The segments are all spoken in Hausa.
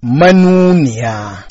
manuniya.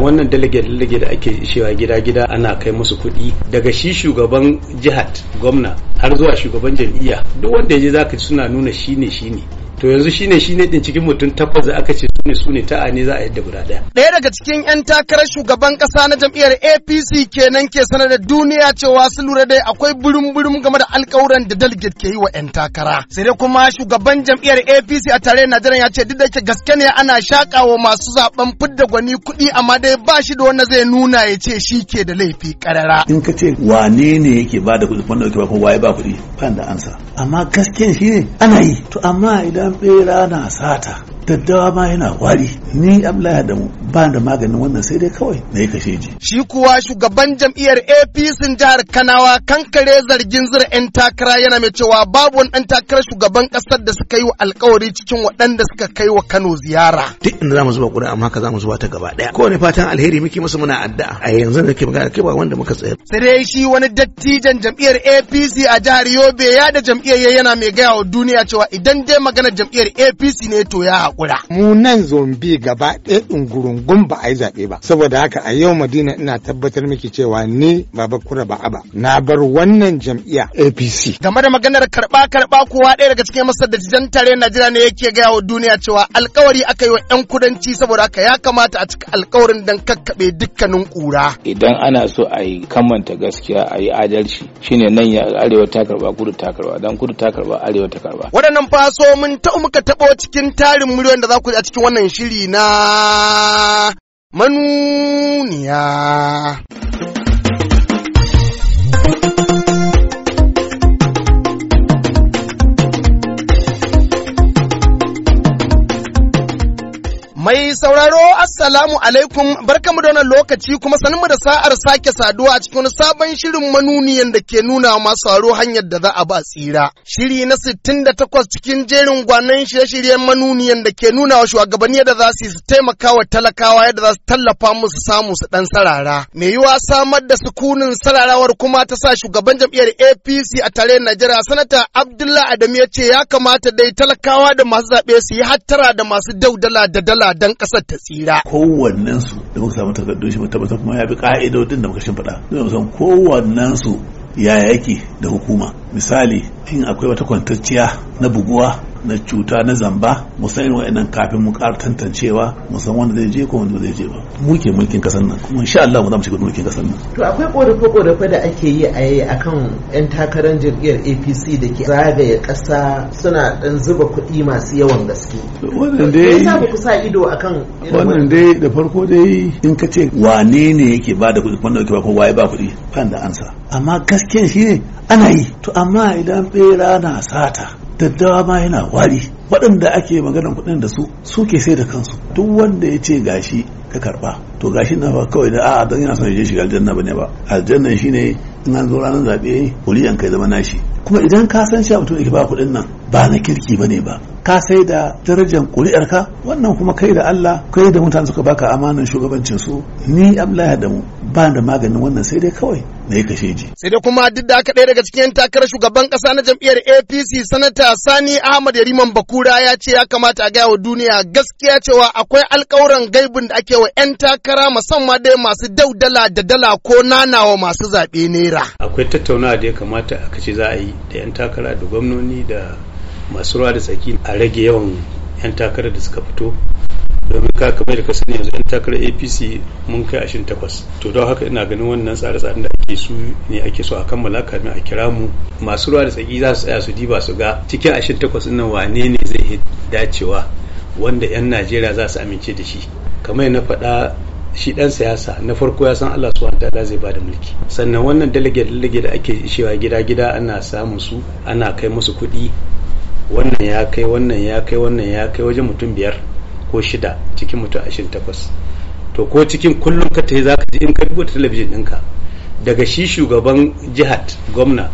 wannan delegate da ake cewa gida-gida ana kai musu kuɗi daga shi shugaban jihad gwamna har zuwa shugaban jam'iyya duk wanda ya je zaka suna nuna shine shine to yanzu shine shine din cikin mutum takwas da aka ce ne su ne ta'a ne za a yadda guda ɗaya. Ɗaya daga cikin 'yan takarar shugaban ƙasa na jam'iyyar APC kenan ke sanar da duniya cewa su lura dai akwai burum-burum game da alƙawuran da delegate ke yi wa 'yan takara. Sai dai kuma shugaban jam'iyyar APC a tare Najeriya ya ce duk da ke gaske ne ana shakawa masu zaben fidda gwani kuɗi amma dai ba shi da wanda zai nuna ya ce shi ke da laifi ƙarara. In ka ce wane ne yake ba da kuɗi wanda yake ba kuma waye ba kuɗi ba da ansa. Amma gaskiyan shi ne ana yi to amma idan ɓera na sata daddawa ma yana wari ni abdullahi da ba da maganin wannan sai dai kawai na yi kashe ji shi kuwa shugaban jam'iyyar apc jihar kanawa kankare zargin zira 'yan takara yana mai cewa babu wani ɗan takarar shugaban ƙasar da suka yi wa alkawari cikin waɗanda suka kai wa kano ziyara duk inda za mu zuba ƙuri'a amma ka za mu zuba ta gaba ɗaya kowane fatan alheri muke musu muna addu'a a yanzu da ke magana kai ba wanda muka tsayar sai shi wani dattijan jam'iyyar apc a jihar yobe ya da jam'iyyar yana mai gaya wa duniya cewa idan dai magana jam'iyyar apc ne to ya haƙura. Mu nan zombi gaba ɗaya ɗungurungun ba a yi zaɓe ba. Saboda haka a yau Madina ina tabbatar miki cewa ni Baba Kura ba aba. Na bar wannan jam'iyya APC. Game da maganar karɓa karɓa kowa ɗaya daga cikin masar da jijan tare Najeriya ne yake gaya wa duniya cewa alkawari aka yi wa 'yan kudanci saboda haka ya kamata a cika alkawarin dan kakkaɓe dukkanin ƙura. Idan ana so a yi kamanta gaskiya a yi adalci shine nan ya arewa ta karɓa kudu ta karɓa dan kudu ta karɓa arewa ta karɓa. Waɗannan faso mun muka taɓo cikin tarin muryoyin da za ku a cikin wannan shiri na manuniya. Mai sauraro Assalamu alaikum barkamu da wannan lokaci kuma sanmu da sa'ar sake saduwa a cikin sabon shirin manuniyan da ke nuna masu haro hanyar da za a ba tsira. Shiri na sittin da 68 cikin jerin gwanan shirye-shiryen manuniyan da ke nuna wa shugabanni da za su taimaka wa talakawa yadda za su tallafa musu samu su dan sarara. Me yiwa samar da sukunin sararawar kuma ta sa shugaban jam'iyyar APC a tare Najeriya sanata Abdullahi Adamu ya ce ya kamata dai talakawa da masu zaɓe su yi hattara da masu daudala da dala don ƙasar ta tsira. Kowannen su da muka samu takardu shi mu tabbatar kuma ya bi ka'idodin da muka shimfiɗa. Zai san kowannen su yaya yake da hukuma. Misali, in akwai wata kwantacciya na buguwa na cuta na zamba mu san irin wa'annan kafin mu ƙara tantancewa mu san wanda zai je ko wanda zai je ba mu ke mulkin kasar nan kuma insha Allah mu za mu shiga mulkin kasar nan to akwai korafe korafe da ake yi a yi akan yan takarar jirgiyar APC da ke zagaye ƙasa suna dan zuba kuɗi masu yawan gaske wannan dai yasa ba ku sa ido akan wannan dai da farko dai in ka ce wane ne yake ba da kuɗi wanda yake ba ko waye ba kuɗi ban da ansa amma gaskiyan ne, ana yi to amma idan bera na sata daddawa ma yana wari waɗanda ake maganar kuɗin da su suke sai da kansu duk wanda ya ce gashi ka karɓa to gashi na ba kawai da a dan yana son ya shiga aljanna ba ne ba aljanna shine in an zo ranar zaɓe kuliyan kai zama nashi kuma idan ka san cewa mutum ke ba kuɗin nan ba na kirki ba ne ba ka sai da darajar ka wannan kuma kai da Allah kai da mutane suka baka amanan shugabancin su ni ya mu ba da maganin wannan sai dai kawai na yi kashe ji. Sai dai kuma duk da aka ɗaya daga cikin takarar shugaban ƙasa na jam'iyyar APC sanata Sani Ahmad Yariman Bakura ya ce ya kamata a gaya wa duniya gaskiya cewa akwai alƙawuran gaibin da ake wa 'yan takara musamman dai masu daudala da dala ko nanawa masu zaɓe naira. Akwai tattaunawa da ya kamata a kace za a yi da 'yan takara da gwamnoni da masu ruwa da tsaki a rage yawan 'yan takarar da suka fito domin ka kamar da ka sani yanzu yan takarar apc mun kai ashirin takwas to don haka ina ganin wannan tsare-tsaren da ake su ne ake so a kammala kamin a kira mu masu ruwa da tsaki za su tsaya su diba su ga cikin ashirin takwas ina wane ne zai dacewa wanda yan najeriya za su amince da shi kamar na faɗa shi dan siyasa na farko ya san Allah su wataala zai bada mulki sannan wannan dalage dalage da ake shewa gida gida ana samu su ana kai musu kuɗi wannan ya kai wannan ya kai wannan ya kai wajen mutum biyar ko shida cikin mutum ashirin takwas to ko cikin kullum ka tafi za ka ji in ka duba talabijin ɗinka daga shi shugaban jihar gwamna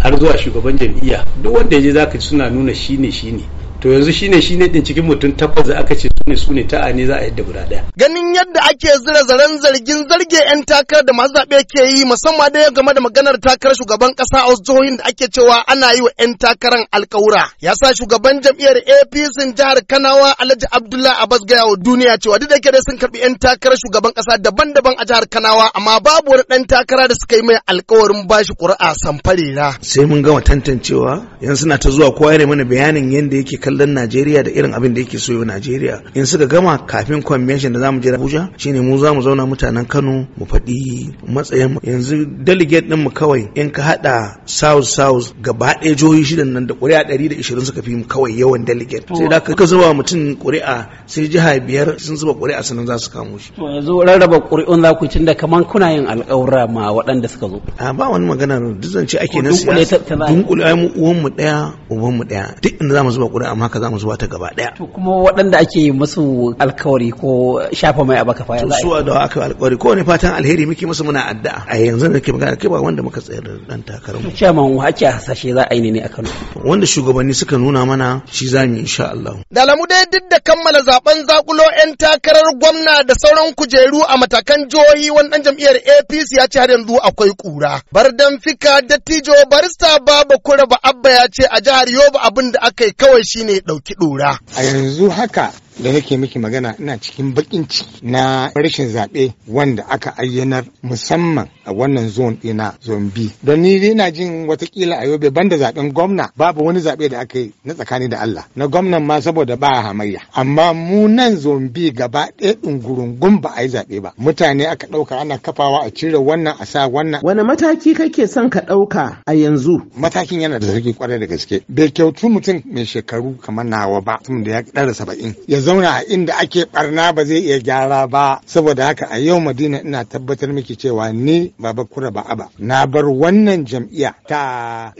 har zuwa shugaban jam'iyya duk wanda ya je za ka ji suna nuna shine shine to yanzu shine shine din cikin mutum takwas da aka ce ne su ne ta'a ne za a yadda guda ɗaya. Ganin yadda ake zira zaren zargin zarge 'yan takarar da masu zaɓe ke yi musamman da game da maganar takarar shugaban ƙasa a jihohin da ake cewa ana yi wa 'yan takaran alƙawura. Ya sa shugaban jam'iyyar APC jihar Kanawa Alhaji Abdullahi Abbas gaya wa duniya cewa duk da ke sun karɓi 'yan takarar shugaban ƙasa daban-daban a jihar Kanawa amma babu wani ɗan takara da suka yi mai alƙawarin bashi ƙuri'a samfare na. Sai mun gama tantancewa yan suna ta zuwa kowa ya mana bayanin yadda yake kallon Najeriya da irin abin da yake so wa Najeriya. in suka gama kafin convention da zamu je Abuja shine mu zamu zauna mutanen Kano mu faɗi matsayin yanzu delegate din mu kawai in ka hada South South gaba ɗaya jihohi shidan nan da ƙuri'a 120 suka fi mu kawai yawan delegate sai da ka zuba mutum ƙuri'a sai jiha biyar sun zuba ƙuri'a sannan za su kamo shi to yanzu rarraba ƙuri'un za ku tunda kaman kuna yin alƙawura ma waɗanda suka zo a ba wani magana duk zance ake na siyasa dunkule ai mu uwan mu daya uban mu daya duk inda zamu zuba ƙuri'a ma ka zamu zuba ta gaba daya to kuma waɗanda ake musu alkawari ko shafa mai abaka fa yanzu su da aka alkawari ko ne fatan alheri muke musu muna addu'a a yanzu da ke magana kai ba wanda muka tsayar da dan takarar mu chairman wa ake hasashe za a yi ne a Kano wanda shugabanni suka nuna mana shi za mu insha Allah da lamu dai duk da kammala zaben zakulo yan takarar gwamna da sauran kujeru a matakan jihohi wannan jam'iyyar APC ya ce har yanzu akwai kura bardan fika dattijo barista baba ba abba ya ce a jihar Yobe abin da aka yi kawai shine dauki dora a yanzu haka da nake miki magana ina cikin bakin ciki na rashin zaɓe wanda aka ayyanar musamman a wannan zone ɗina zone B. Don ni ina jin watakila a yobe banda zaɓen gwamna babu wani zaɓe da aka yi na tsakani da Allah. Na gwamnan ma saboda ba hamayya. Amma mu nan zone B gaba ɗaya gun ba a yi zaɓe ba. Mutane aka ɗauka ana kafawa a cire wannan a sa wannan. Wani mataki kake son ka ɗauka a yanzu? Matakin yana da sarki kwarai da gaske. Bai kyautu mutum mai shekaru kamar nawa ba. Mutum da ya ɗara saba'in. Ya zauna a inda ake barna ba zai iya gyara ba saboda haka a yau madina ina tabbatar miki cewa ni baba kura ba aba na bar wannan jam'iyya ta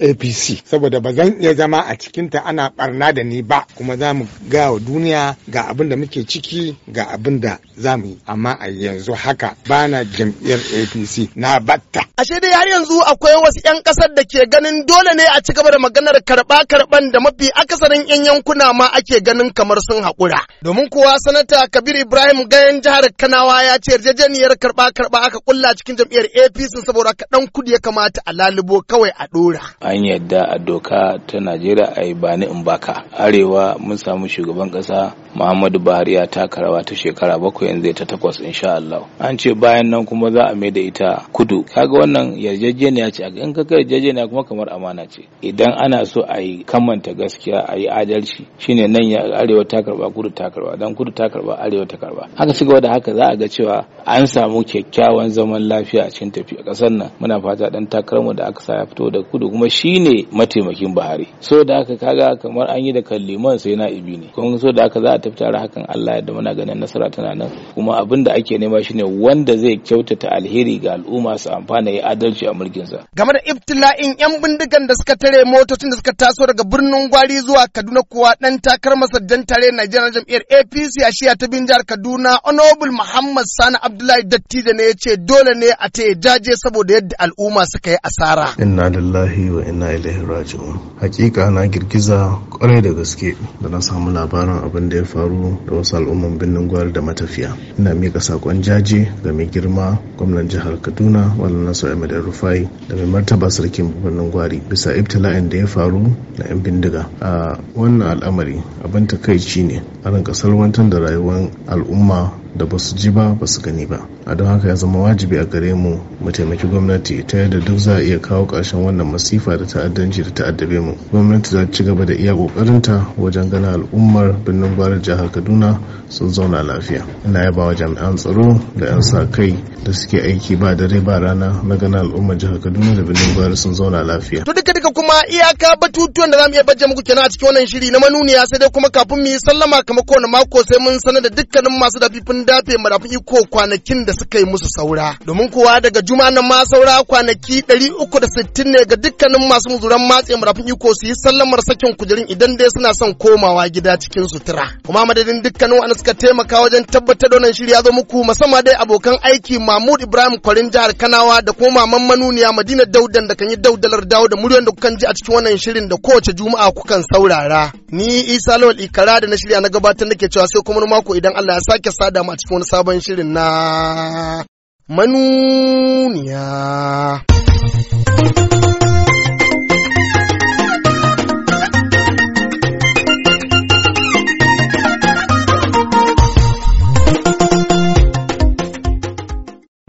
apc saboda ba zan iya zama a cikinta ana barna da ni ba kuma za mu gaya wa duniya ga abin da muke ciki ga abin da za mu yi amma a yanzu haka bana jam'iyyar apc na batta ashe dai har yanzu akwai wasu 'yan kasar da ke ganin dole ne a ci gaba da maganar karɓa karban da mafi akasarin 'yan yankuna ma ake ganin kamar sun haƙura Domin kuwa sanata Kabir Ibrahim gayan jihar Kanawa ya ce yarjejeniyar karba karba aka kulla cikin jam'iyyar APC saboda kaɗan ɗan kudi ya kamata a lalubo kawai a dora An yadda a doka ta Najeriya a yi bani in baka. Arewa mun samu shugaban ƙasa Muhammadu Buhari ya taka rawa ta shekara bakwai yanzu ta takwas insha Allah. An ce bayan nan kuma za a mai da ita kudu. Kaga wannan yarjejeniya ce in ka ga yarjejeniya kuma kamar amana ce. Idan ana so a yi kamanta gaskiya a yi adalci shine nan ya arewa ta karba kudu ta ta karba dan kudu ta karba arewa ta karba haka ci gaba da haka za a ga cewa an samu kyakkyawan zaman lafiya a cikin tafiya kasar nan muna fata dan takarmu da aka saya fito da kudu kuma shine mataimakin Buhari so da haka kaga kamar an yi da kalliman sai na ibi ne kuma so da haka za a tafi tare hakan Allah yadda muna ganin nasara tana nan kuma abin da ake nema shine wanda zai kyautata alheri ga al'umma su amfana ya adalci a mulkinsa game da ibtila'in yan bindigan da suka tare motocin da suka taso daga birnin Gwari zuwa Kaduna kuwa dan takarmar saddan tare na Najeriya jam'iyyar APC a shiya ta bin jihar Kaduna Honorable Muhammad Sani Abdullahi Dattijo ne ya ce dole ne a ta jaje saboda yadda al'umma suka yi asara. Inna lillahi wa inna ilaihi raji'un. Hakika na girgiza kwarai da gaske da na samu labarin abin da ya faru da wasu al'umman birnin gwari da matafiya. Ina mika sakon jaje ga mai girma gwamnan jihar Kaduna Malam Nasu Ahmed Rufai da mai martaba sarkin birnin gwari bisa ibtila'in da ya faru na 'yan bindiga. A wannan al'amari abin takaici ne. An ka wantan da rayuwar al'umma da ba su ji ba ba su gani ba a don haka ya zama wajibi a gare mu mu taimaki gwamnati ta yadda duk za a iya kawo ƙarshen wannan masifa da ta'addanci da ta'addabe mu gwamnati za ta ci gaba da iya ƙoƙarinta wajen ganin al'ummar birnin gwarar jihar kaduna sun zauna lafiya ina yaba wa jami'an tsaro da 'yan sa kai da suke aiki ba dare ba rana na ganin al'ummar jihar kaduna da birnin gwarar sun zauna lafiya to duka duka kuma iyaka batutuwan da za mu iya bajje muku kenan a cikin wannan shiri na manuniya sai dai kuma kafin mu yi sallama kamar kowane mako sai mun sanar da dukkanin masu dafifin sun dafe marafin iko kwanakin da suka yi musu saura domin kuwa daga juma na ma saura kwanaki sittin ne ga dukkanin masu muzuran matse marafin iko su yi sallamar sakin kujerun idan dai suna son komawa gida cikin sutura kuma madadin dukkanin wanda suka taimaka wajen tabbatar da wannan shiri ya zo muku musamman dai abokan aiki Mahmud Ibrahim Kwarin jihar Kanawa da kuma maman manuniya Madina Daudan da kan yi daudalar dawo da muryoyin da kukan ji a cikin wannan shirin da kowace juma'a kukan saurara ni Isa Lawal Ikara da na shirya na gabatar nake cewa sai kuma mako idan Allah ya sake sada mu a cikin wani sabon shirin na manuniya.